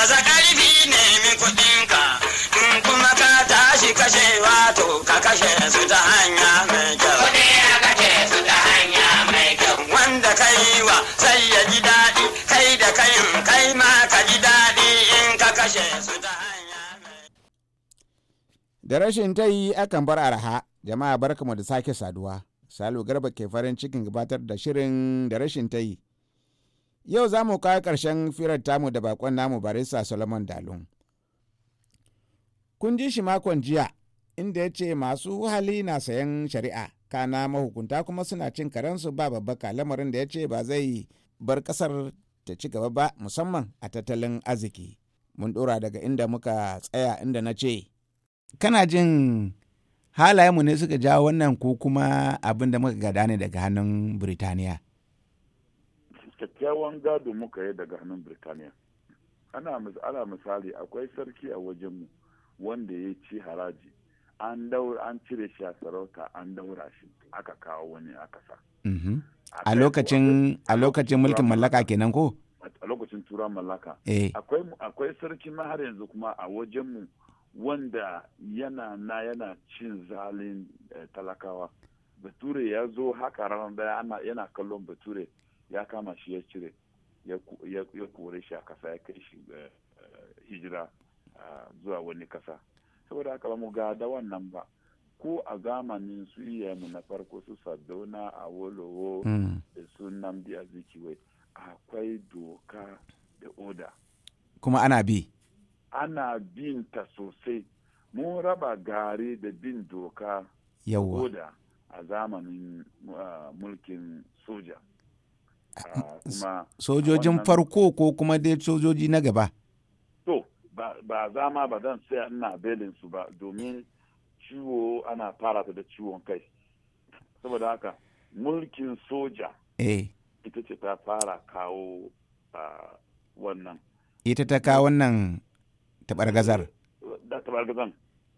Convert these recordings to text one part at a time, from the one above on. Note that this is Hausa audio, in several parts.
baza ƙarfi nemi kuɗinka in kuma ka tashi kashe wato ka kashe su ta hanya mai kyau. kashe su ta hanya mai kyau. Wanda ka yi wa sai ya ji daɗi kai da kayan kai ma ka ji daɗi in ka kashe su ta hanya mai Da rashin ta yi akan bar araha jama'a barkamu da sake saduwa. Salo Garba ke farin cikin gabatar da shirin da rashin ta yi. yau za mu kawo karshen firar tamu da bakon namu barista solomon dalun kun ji shi makon jiya inda ya ce masu hali na sayan shari'a kana mahukunta kuma suna cin karensu ba babbaka lamarin da ya ce ba zai bar kasar ta ci gaba ba musamman a tattalin arziki mun dora daga inda muka tsaya inda na ce kana jin halayenmu ne suka jawo wannan ko kuma abin da muka gada ne daga hannun birtaniya kyakkyawan gado muka yi daga hannun birtaniya ana misali akwai sarki a wajenmu wanda ya ci haraji an cire shi a sarauta an daura shi aka kawo wani aka sa mhm. a lokacin a lokacin mulkin mallaka kenan ko a lokacin tura mallaka eh. akwai sarki na har yanzu kuma a wajenmu wanda yana na yana cin zalin eh, talakawa bature ya zo haka ranar daya yana kallon bature ya kama shi ya cire ya kore shi a kasa ya kai shi eh, hijira zuwa wani kasa saboda haka ba mu gada wannan ba ko a zamanin su mu na farko su sadona a wolowo hmm. da su namdi a akwai doka da oda kuma ana bi ana bin ta sosai mun raba gari da bin doka oda a zamanin ah, mulkin soja Ah, sojojin farko ko kuma dai sojoji na gaba to ba zama ba zan sai ina belin su ba domin ciwo ana fara ta da ciwon kai saboda haka mulkin soja eh. ita ce ta fara kawo wannan ita ta kawo wannan tabargazar da tabargazan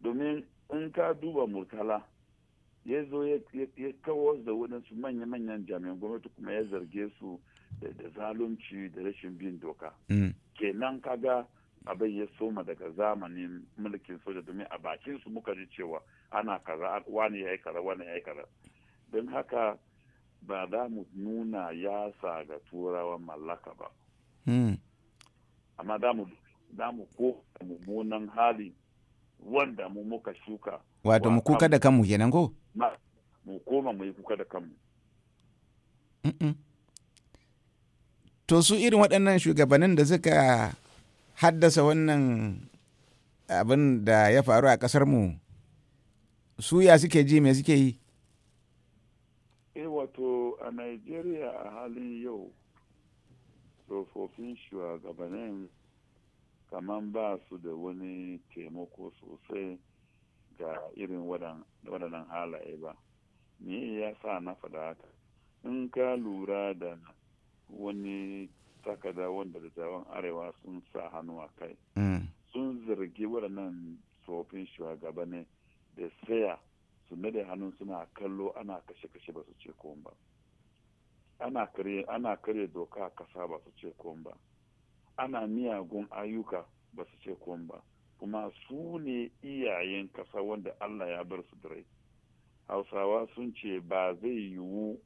domin in ka duba murtala ya zo ya kawar da waɗansu manya-manyan jami'an gwamnati kuma ya zarge su da zalunci da rashin bin doka mm. kenan kaga abin ya soma daga zamanin mulkin soja domin a bakin su muka ji cewa ana kaza wani ya yi kaza wani ya yi kaza don haka ba za mu nuna ya sa ga turawan mallaka ba mm. amma za mu ko mummunan hali wanda mu muka shuka wato mu kuka da kanmu kenan ko koma mu kuka da kanmu. To su irin waɗannan shugabannin da suka haddasa wannan abin da ya faru a ƙasar mu su ya suke ji me suke yi? E wato a Najeriya a halin yau tsofaffin shugabannin kamar ba su da wani taimako sosai ga irin waɗannan halaye ba. me ya sa na faɗa haka in ka lura da wani takada wanda dattawan arewa sun sa hannu a kai mm. sun zargi waɗannan tsofin shugabanni da saya su da hannun suna kallo ana kashe-kashe ba su ce komai ba ana karya doka a kasa ba su ce komai ba ana miyagun ayyuka ba su ce komai ba kuma su ne iyayen kasa wanda allah ya bar su da rai hausawa sun ce ba zai yiwu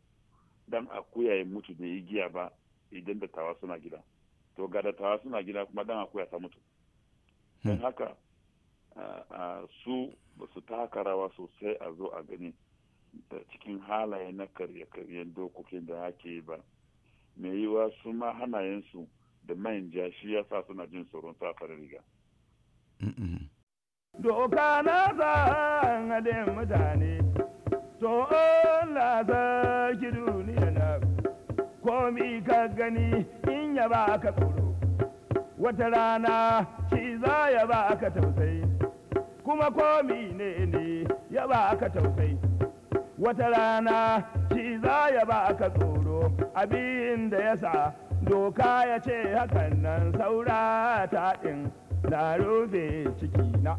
dan akuya ya mutu da igiya ba idan da tawa suna gida to ga tawa suna gida kuma dan akuya ta mutu don hmm. haka su ba su taka rawa sosai a zo a gani da cikin halaye na karye-karyen dokokin da ake ba mai wa su ma hanayensu da mayan jashi ya sa suna jin tsoron safar riga doka na sa mutane to Allah ki duniya na komi ka gani in ya ba ka tsoro wata rana shi za ya ba ka tausayi kuma komi ne ne ya ba ka tausayi wata rana shi za ya ba ka tsoro abin da ya sa doka ya ce hakan nan saura ta ɗin na rufe ciki na.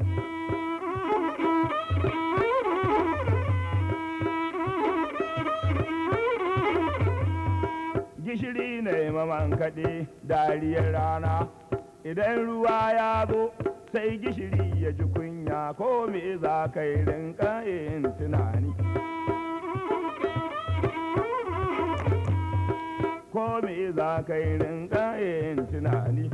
gishiri na yi maman kaɗe dariyar rana idan ruwa ya zo sai gishiri ya ji kunya ko me za ka yi rinka yin tunani ko me za ka yi rinka yin tunani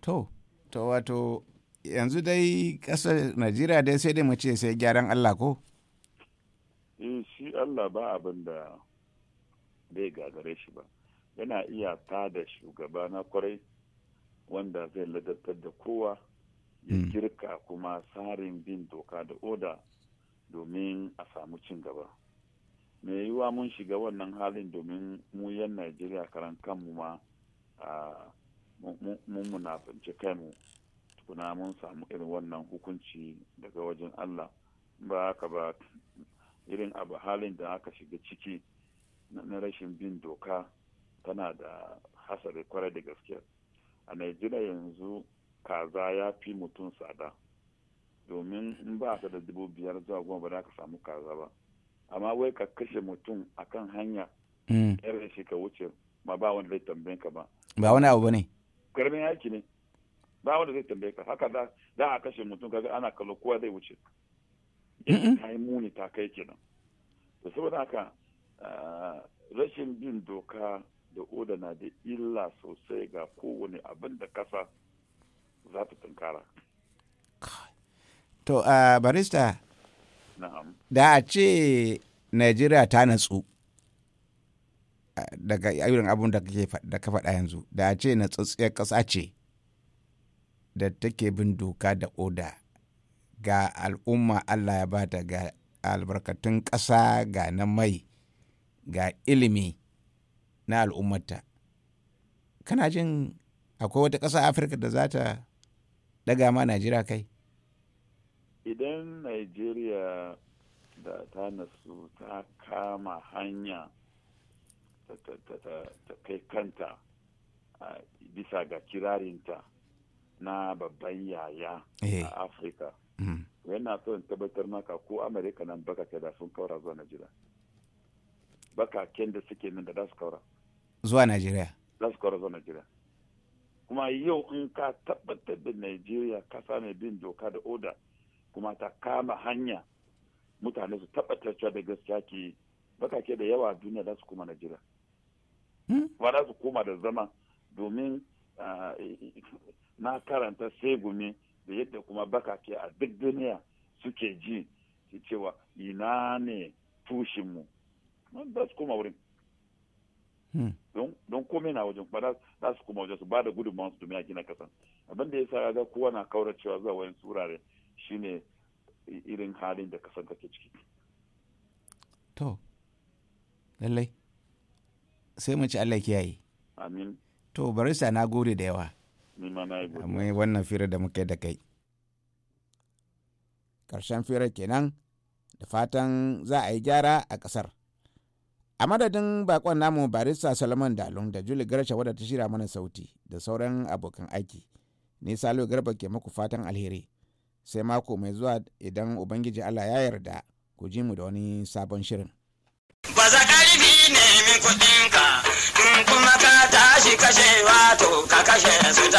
to to wato yanzu dai ƙasar najeriya dai sai dai mu ce sai gyaran allah ko eh shi allah ba abin da bai gagare shi ba yana iya tada shugaba na kwarai wanda zai ladabtar da kowa ya hmm. girka kuma tsarin bin doka da oda domin a samu cin gaba me yiwuwa mun shiga wannan halin domin mu yan najeriya karan kanmu ma ah, mun munafinci kanmu tukuna mun samu irin wannan hukunci daga wajen Allah ba haka ba irin abu halin da aka shiga ciki na rashin bin doka tana da hasari kwarai da gaske a Najeriya yanzu kaza ya fi mutum tsada domin in ba ka da dubu biyar zuwa goma ba za ka samu kaza ba amma wai ka kashe mutum akan hanya hmm. yar shi ka wuce ma ba wani zai tambayin ka ba ba wani abu ne karamin yaki ne ba wanda zai tambaye ka haka za a kashe mutum kaga ana kallo kowa zai wuce ta yi muni ta kai kenan to saboda haka ah, rashin bin doka da oda na da illa sosai ga kowane abin da kasa za ta tunkara to uh, barista da a ce najeriya ta natsu ah, daga irin abun da ka faɗa yanzu da a ce natsatsiyar ƙasa ce da take bin doka da oda ga al'umma allah ya bata ga albarkatun ƙasa ga na mai ga ilimi na al'ummata kana jin akwai wata ƙasa afirka da za ta daga ma najira kai idan najeriya da ta nasu ta kama hanya ta kai kanta bisa ga kirarinta na babban yaya eh. a afirka yana mm. so in tabbatar maka ko amerika nan bakake da sun kaura zuwa najeriya bakaken da suke nan da su kaura zuwa najeriya za su kaura zuwa najeriya kuma yau in ka tabbatar da najeriya kasa mai bin doka da oda kuma ta kama hanya mutane su tabbatar cewa da gaskiya ke ke da yawa duniya za su koma najeriya kuma hmm? za su koma da zama domin ah, na karanta sai gumi da yadda kuma baka ke a duk duniya suke ji su cewa ina ne tushinmu ba su koma wurin hmm. don komai na wajen ba za su koma wajen su ba da ma su domin gina kasan abin da ya sa ga kowa na cewa zuwa wayan surare shine irin halin da kasan take ciki to lallai sai mu ci Allah kiyaye amin to barista na gode da yawa wannan fira da muke da kai karshen firar kenan da fatan za a yi gyara a kasar a madadin bakon namu barista salomon dalun da juli garsha wadda ta shirya mana sauti da sauran abokan aiki ni salo garba ke muku fatan alheri sai mako mai zuwa idan ubangiji allah ya yarda ku ji mu da wani sabon shirin ba za ne 就在。